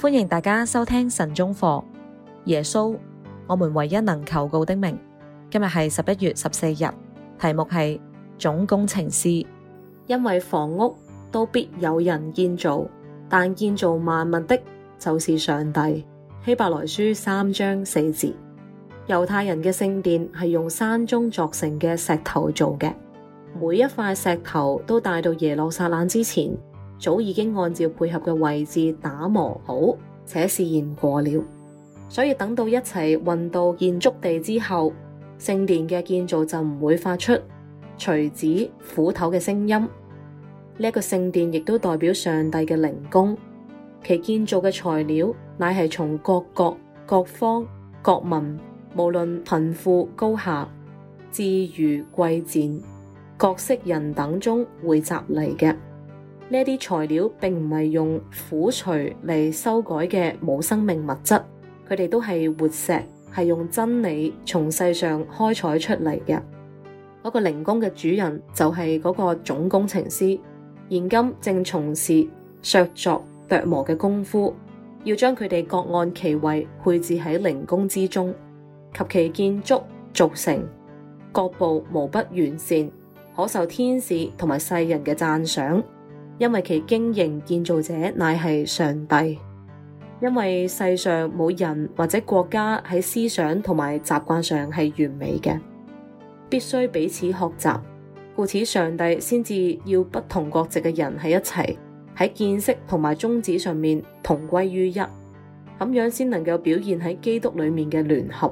歡迎大家收聽晨鐘課，耶穌，我們唯一能求告的名。今日係十一月十四日，題目係總工程師。因為房屋都必有人建造，但建造萬物的就是上帝。希伯來書三章四節。猶太人嘅聖殿係用山中鑿成嘅石頭做嘅，每一塊石頭都帶到耶路撒冷之前。早已經按照配合嘅位置打磨好，且試驗過了，所以等到一齊運到建築地之後，聖殿嘅建造就唔會發出錘子、斧頭嘅聲音。呢、這個聖殿亦都代表上帝嘅靈功，其建造嘅材料乃係從各國、各方、各民，無論貧富高下、智愚貴賤、各色人等中會集嚟嘅。呢啲材料並唔係用斧槌嚟修改嘅，冇生命物質，佢哋都係活石，係用真理從世上開採出嚟嘅。嗰、那個靈宮嘅主人就係嗰個總工程師，現今正從事削鑿琢磨嘅功夫，要將佢哋各按其位配置喺靈宮之中，及其建築造成，各部無不完善，可受天使同埋世人嘅讚賞。因為其經營建造者乃係上帝，因為世上冇人或者國家喺思想同埋習慣上係完美嘅，必須彼此學習，故此上帝先至要不同國籍嘅人喺一齊喺見識同埋宗旨上面同歸於一，咁樣先能夠表現喺基督裏面嘅聯合。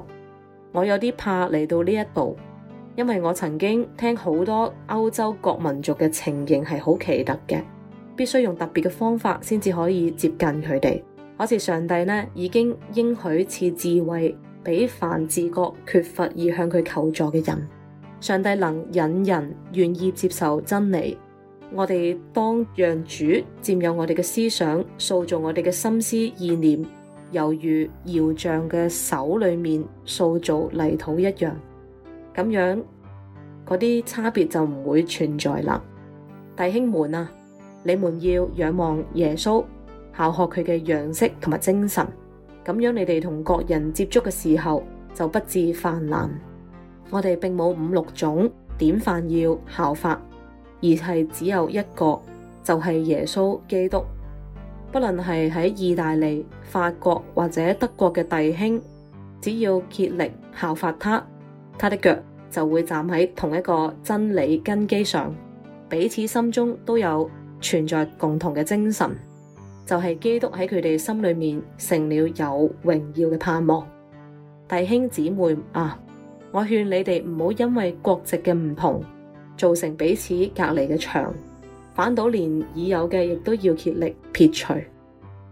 我有啲怕嚟到呢一步，因為我曾經聽好多歐洲各民族嘅情形係好奇特嘅。必須用特別嘅方法先至可以接近佢哋。可是上帝呢，已經應許賜智慧俾凡自覺缺乏而向佢求助嘅人。上帝能引人願意接受真理。我哋當讓主佔有我哋嘅思想，塑造我哋嘅心思意念，猶如窑匠嘅手裏面塑造泥土一樣。咁樣嗰啲差別就唔會存在啦，弟兄們啊！你們要仰望耶穌，效學佢嘅樣式同埋精神，咁樣你哋同各人接觸嘅時候就不至犯難。我哋並冇五六種典範要效法，而係只有一個，就係、是、耶穌基督。不論係喺意大利、法國或者德國嘅弟兄，只要竭力效法他，他的腳就會站喺同一個真理根基上，彼此心中都有，存在共同嘅精神，就係、是、基督喺佢哋心裏面成了有榮耀嘅盼望。弟兄姊妹啊，我勸你哋唔好因為國籍嘅唔同，造成彼此隔離嘅牆。反倒連已有嘅，亦都要竭力撇除。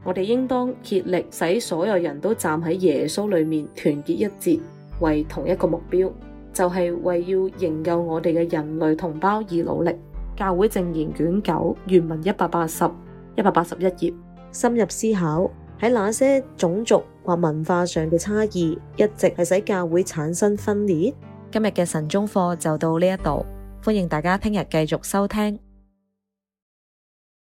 我哋應當竭力使所有人都站喺耶穌裏面團結一致，為同一個目標，就係、是、為要營救我哋嘅人類同胞而努力。教會證言卷九，原文一百八十、一百八十一頁。深入思考喺哪些種族或文化上嘅差異，一直係使教會產生分裂。今日嘅晨鐘課就到呢一度，歡迎大家聽日繼續收聽。